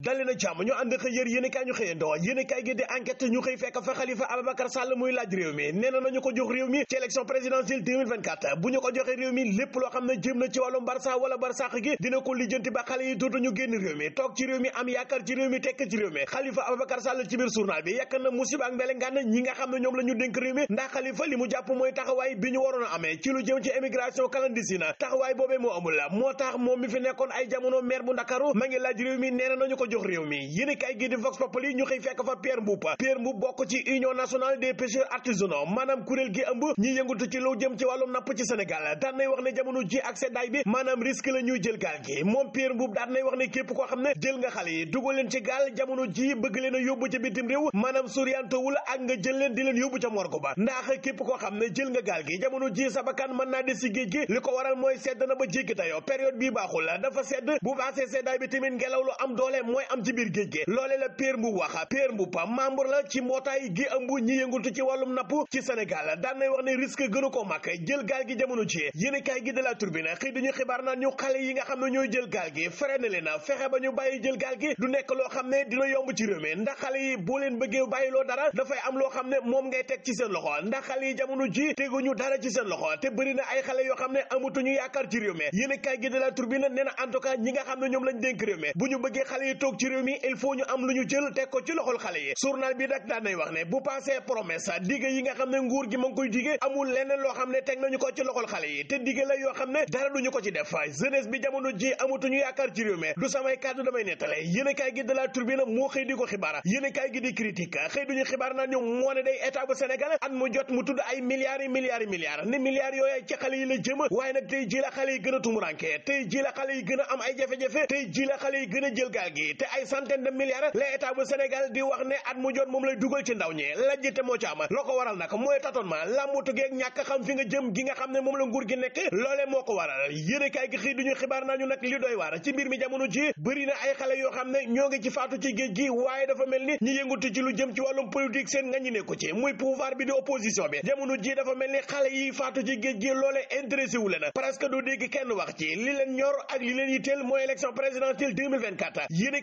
dali na jàmm ànd xëy yér ñu xëyandoo yéen i gi di enquête ñu xëy fekk fa Khalifa Ababacar Sall muy laaj réew mi nee nañu ko jox réew mi ci élection présidentielle bu ñu ko joxee réew mi lépp loo xam ne jëm na ci wàllum barsa wala barsàq gi dina ko lijjanti ba xale yi dootuñu génn réew mi toog ci réew mi am yaakaar ci réew mi tekk ci réew mi Khalifa Ababacar Sall ci biir journal bi yàq na musiba ak mbele ñi nga xam ne ñoom la a amee ci ko jox réew mi yéen kay gi di vox populi ñu xëy fekk fa Pierre Mboup Pierre Mboup bokk ci union nationale des pêcheurs artisanaux maanaam kuréel gi ëmb ñi yëngatu ci lu jëm ci wàllu napp ci Sénégal daan nay wax ne jamono ji ak seddaay bi maanaam risque la jël gaal gi moom Pierre Mboup daan wax ne képp koo xam ne jël nga xale yi dugal leen ci gaal jamono ji bëgg leen a yóbbu ca bitim réew maanaam soriantowul ak nga jël leen di leen yóbbu ca morgo ba ndax képp koo xam ne jël nga gaal gi jamono ji sa bakkan mën naa des ci li ko waral mooy sedd na ba jéggi tayoo période bii baaxul dafa sedd bu baasee seddaay bi tamit ngelaw lu am doole mooy am ci biir géej gi loole la Pierre Mboup wax Pierre Mboup membre la ci mbootaay gi ëmb ñi yëngatu ci wàllum napp ci Sénégal daan nay wax ne risque gënu ko mag jël gaal gi jamono ci yéenekaay gi de la Tribune xëy dañu xibaar naan ñu xale yi nga xam ne ñooy jël gaal gi freiné leen fexe ba ñu bàyyi jël gaal gi du nekk loo xam ne dina yomb ci réew mi ndax xale yi boo leen bëggee bàyyi dara dafay am loo xam ne moom ngay teg ci seen loxo ndax xale yi jamono ji teguñu dara ci seen loxo te bëri na ay xale yoo xam ne amatuñu yaakaar ci réew mi yéenekaay gi de la Tribune nee na en tout cas ñi nga xam ne ñoom lañ dénk réew mi bu ñu bëggee xale yi toog ci réew mi il faut ñu am lu ñu jël teg ko ci loxol xale yi journal bi nag daan nay wax ne bu passé promesse dige yi nga xam ne nguur gi ma ngi koy dige amul leneen loo xam ne teg nañu ko ci loxol xale yi te dige la yoo xam ne dara duñu ko ci def jeunesse bi jamono ji amatuñu yaakaar ci réew mi du samay kàddu damay nettale yéen a kaay gi de la turbine moo xëy di ko xibaar yéen a kaay gi di critique xëy duñu xibaar naa ñu moo ne day état tudd ay milliards yi milliards yi milliards ni milliards yooyu ci xale yi la jëm waaye nag tey ji a tumuranke ji la xale yi gën a am ay jafe tey ji xale yi gën a jël gaal te ay centaine de milliards la état Sénégal di wax ne at mu jot moom lay dugal ci ndaw ñee lajj te moo ci ama loo ko waral nag mooy tâtonnement làmbatugeeg ñàkk xam fi nga jëm gi nga xam ne moom la nguur gi nekk loolee moo ko waral yéene kaay gi xëy duñu xibaar nañu nag li doy waar ci mbir mi jamono ji bëri na ay xale yoo xam ne ñoo ngi ci faatu ci géej gi waaye dafa mel ni ñu yëngutu ci lu jëm ci wàllum politique seen nga ñi nekku ci muy pouvoir bi di dafa mel ni xale yi faatu ci géej gi loolee intéressé wu leen presque doo dégg kenn wax ci li leen ñor ak li leen yitteel mooy élection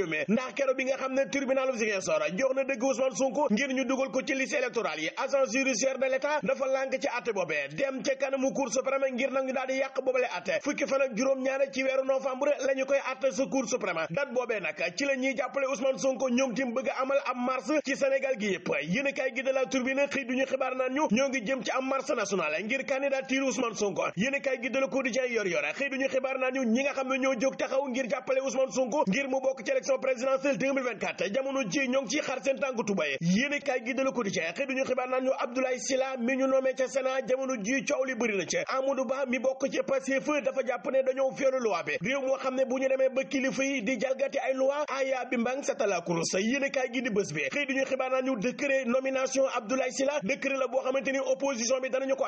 réew mi ndax keroog bi nga xam ne tribunal bu Ziguinchor jox na dëgg Ousmane Sonko ngir ñu dugal ko ci liste électorale yi agence judiciaire de l'État dafa lànk ci àtte boobee dem ca kanamu Cour suprême ngir nag ñu daal di yàq boobale àtte fukki fan juróom-ñaar ci weeru novembre la koy àtte sa Cour suprême date boobee nag ci la ñuy jàppale Ousmane Sonko ñoom tim bëgg a amal ab marche ci Sénégal gi yëpp yéen a kaay xëy duñu xibaar naan ñu ñoo ngi jëm ci am marche nationale a élection présidentielle 2024 jamono ji ñoo ngi xar seen tànk tubaye yéene gi dala koti ca xëy duñu xibaar naan ñu Abdoulaye Sylla mi ñu nommé ca Sénat jamono ji coow li bëri ca Amadou Ba mi bokk ci Pastef dafa jàpp ne dañoo feelu loi bi réew moo xam ne bu ñu demee ba kilifa yi di jalgati ay loi aya bi mbang sa talaakur sa yéene gi di bés bi xëy duñu xibaar naan ñu décret nomination Abdoulaye Sylla décret la boo xamante ni opposition bi danañu ko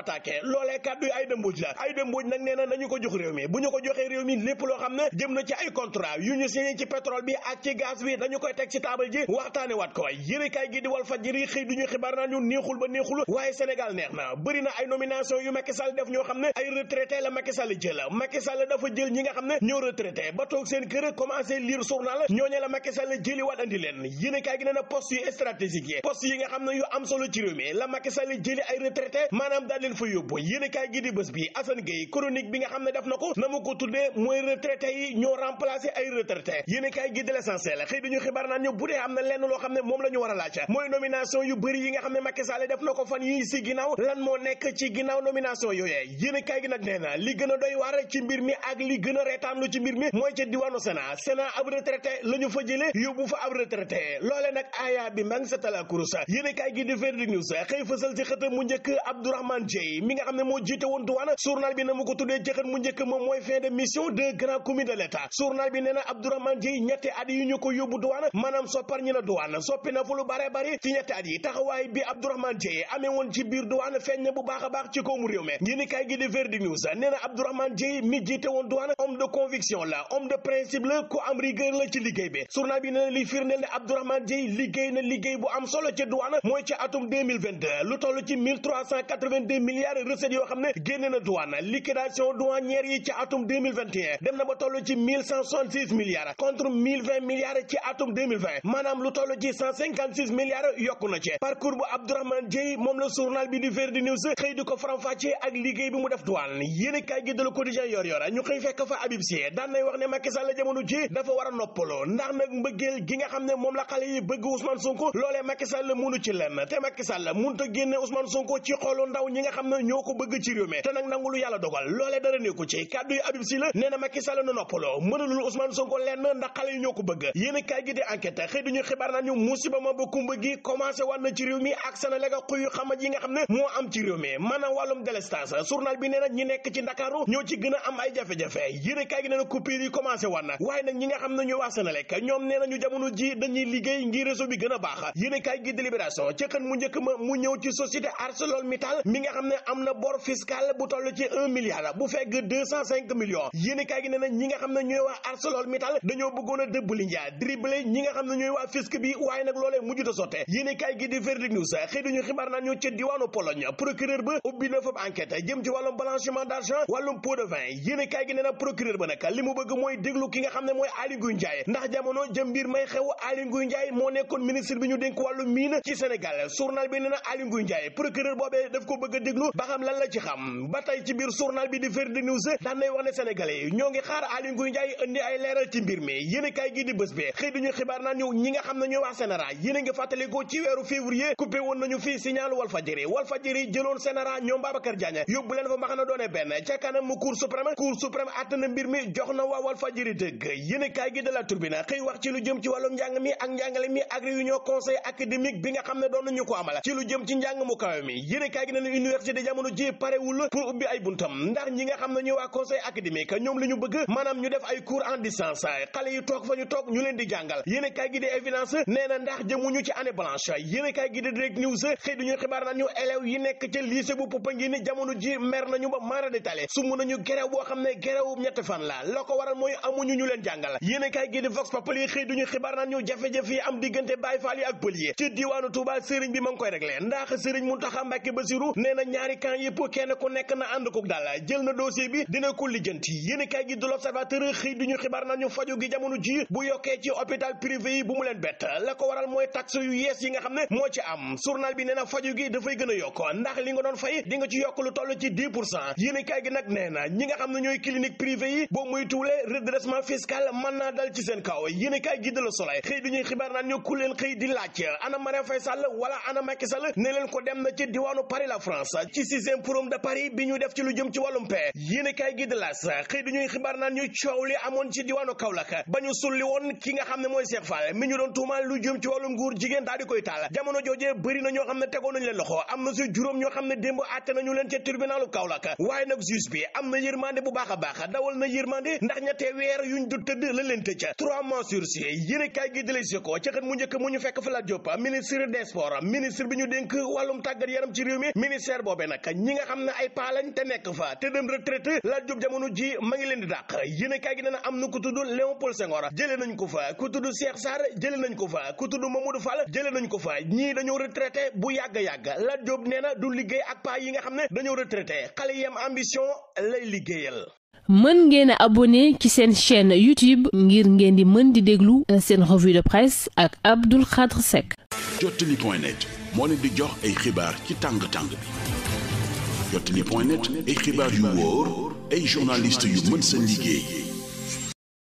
ak ci gaz bi dañu koy teg ci taabal ji waxtaane waat ko waay yéenekaay gi di Walf Fadjri xëy duñu xibaar naan ñu neexul ba neexul waaye Sénégal neex na bëri ay nomination yu Macky Sall def ñoo xam ne ay retraité la Macky Sall jël Macky Sall dafa jël ñi nga xam ne ñoo retraité ba toog seen commencé lire journal ñooñu la Macky Sall jëli waat andi leen yéenekaay gi nee na poste yu stratégique yi poste yi nga xam ne yu am solo ci réew mi la Macky Sall jëli ay retraité maanaam daal fa yóbbu yéenekaay gi di bés bi Assane Gueye chronique bi nga xam ne def na ko na mu ko tuddee mooy retraité yi ñoo remplacé ay retraité yéenekaay gi ci l'essentiel xëy dañu xibaar naan ñu bu dee am na lenn loo xam ne moom la ñu war a mooy nomination yu bëri yi nga xam ne Macky def na ko fan yi si ginnaaw lan moo nekk ci ginnaaw nomination yooyee yéen a gi nag nee li gën a doy waar ci mbir mi ak li gën a reetaanlu ci mbir mi mooy ca diwaanu Sénat Sénat ab retraité la ñu yóbbu fa ab retraité loole nag aaya bi mang sa tala kurusa yéen a kaay di Verdi News xëy fësal ci xëta at yi ñu ko yóbbu duwaan maanaam soppar ñi la duwaan soppi na fu lu bare bari ci ñetti at yi taxawaay bi Abdourahmane Dieye amee ci biir duwaan feeñ bu baax baax ci koomu réew mi ngi ni kay gi di Verdi News nee na Abdourahmane Dieye mi jiite woon duwaan homme de conviction la homme de principe la ku am rigueur la ci liggéey bi journal bi nee na li firndeel ne Abdourahmane Dieye liggéey na liggéey bu am solo ci duwaan mooy ci atum lu toll ci m milliards recettes yoo xam ne génne na vingt milliards ci atum 2020 maanaam lu toll na ci parcours bu Abdourahmane Dieye moom la journal bi di Verdi News xëy di ko faram-fàccee ak liggéey bi mu def duwaan yéen kaay gi de Le Quotidien yor yora ñu xëy fekk fa Habib Sy daan nay wax ne Macky Sall jamono ji dafa war a noppaloo ndax nag mbëggeel gi nga xam ne moom la xale yi bëgg Ousmane Sonko loolee Macky Sall mënu ci lenn te Macky Sall mënut a génne Ousmane Sonko ci xolu ndaw ñi nga xam ne ñoo ko bëgg ci réew ko bëgg yéen gi di enquête xëy duñu xibaar naan musiba ma ba kumba gi commencé wàn na ci réew mi ak seen lega xuyu xamaj yi nga xam ne moo am ci réew mi maanaam wàllum délestage journal bi nee na ñi nekk ci ndakaaru ñoo ci gën a am ay jafe-jafe yéen gi nee na coupure yi commencé wàn na waaye nag ñi nga xam ne ñu waa Senelec ñoom nee nañu jamono ji dañuy liggéey ngir réseau bi gën a baax yéen gi délibération ci xën mu njëkk ma mu ñëw ci Boly Ndiaye dribble ñi nga xam ne ñooy waa fisc bi waaye nag loolee mujjut a sotte yéene kaay gi di Verdict News xëy duñu xibaar naan ñu ca diwaanu Pologne procureur ba ubbi na fab enquête jëm ci wàllum blanchiment d'argent wàllum pot de vin yéene gi nee procureur ba nag li mu bëgg mooy déglu ki nga xam ne mooy Aly Ngouille ndax jamono jëm mbir may xew Aly Ngouille moo nekkoon ministre bi ñu dénk wàllu miin ci Sénégal journal bi nee na Aly Ngouille a gi di bés bi xëy duñu xibaar naan ñëw ñi nga xam ne ñooy wax sénéra yéen a ngi fàttalikoo ci weeru février coupé woon nañu fii signal Walfadjri Walfadjri jëloon sénéra ñoom Babacar Diagne yóbbu leen fa ma doone benn ca kanam mu cour suprême cour suprême àtt na mbir mi jox na waa Walfadjri dëgg yéen a kaay gi de la turbine xëy wax ci lu jëm ci wàllum njàng mi ak njàngale mi ak réunion conseil académique bi nga xam ne doon nañu ko amal ci lu jëm ci njàng mu kawe mi yéen a kaay gi ne université jamono ji parewul pour ubbi ay ñu bëgg maanaam ñu def ay cours en distance toog ñu leen di jàngal yéen a kaay gi di évidence nee na ndax jëmuñu ci année blanche yéen a gi di direct news xëy duñu xibaar naan ñu élèves yi nekk ca lycée bu Popenguine jamono ji mer nañu ba mara détale sumb nañu gerew boo xam ne gerewu ñetti fan la la ko waral mooy amuñu ñu leen jàngal yéen a kaay gi di vox populi xëy duñu xibaar naan jafe-jafe yi am diggante Baay Faal yi ak pël yi ci diwaanu Touba sëriñ bi ma ngi koy réglé ndax sëriñ Muntaxa Mbàkke Basiru nee na ñaari camp nekk na ànd ko dal na dossier bi dina ko lijjanti yéen a kaay gi di l'observateur xëy duñu xibaar naan ñu faju gi jamono ji bu yokkee ci hôpital privé yi bu mu leen bett la ko waral mooy taxe yu yees yi nga xam ne moo ci am journal bi nee na faju gi dafay gën a yokk ndax li nga doon fay di nga ci yokk lu toll ci 10 pour cent yéen kaay gi nag nee na ñi nga xam ne ñooy clinique privé yi boo muy tuulee redressement fiscal man naa dal ci seen kaw yéen kaay gi de la Soleil xëy di ñuy xibaar naan ñu ku leen xëy di laaj ana Marème Faye Sall wala ana Macky Sall ne leen ko dem na ci diwaanu Paris la France ci sixième forum de Paris bi ñu def ci lu jëm ci wàllum paix yéen kaay gi de xëy di ñuy xibaar ñu coow li amoon ci diwaanu Kaolack tàmbali woon ki nga xam ne mooy Cheikh Fall mi ñu doon tuumaal lu jëm ci wàllum nguur jigéen daal di koy taal jamono joojee bëri ñoo xam ne tegoon nañu leen loxo am na si juróom ñoo xam ne démb àtte nañu leen ca tribunalu Kaolack waaye nag juge bi am na yërmande bu baax a baax dawal na yërmande ndax ñettee weer yuñ du tëdd la leen tëj trois mois sursis gi di lay siko ca xët mu njëkk mu ñu fekk fa la Diop ministre des sports ministre bi ñu yaram ci réew mi ministère boobee nag nga xam ne ay paa lañ te nekk fa la Diop jamono ji ma ngi leen di dàq yéene am na ku tudd jëlee nañ ko fa ku tudd Cheikh Sarr jëlee nañ ko fa ku tudd Mamadou Fall jëlee nañ ko fa ñii dañoo retraité bu yàgg yàgg la Diop nee na du liggéey ak paa yi nga xam ne dañoo retraité xale yi am liggéeyal. mën ngeen a ci seen chaîne YouTube ngir ngeen di mën di déglu seen revue de presse ak Abdou Khadre Seck. Jotali.net moo leen di jox ay xibaar ci tàng-tàng bi Jotali.net ay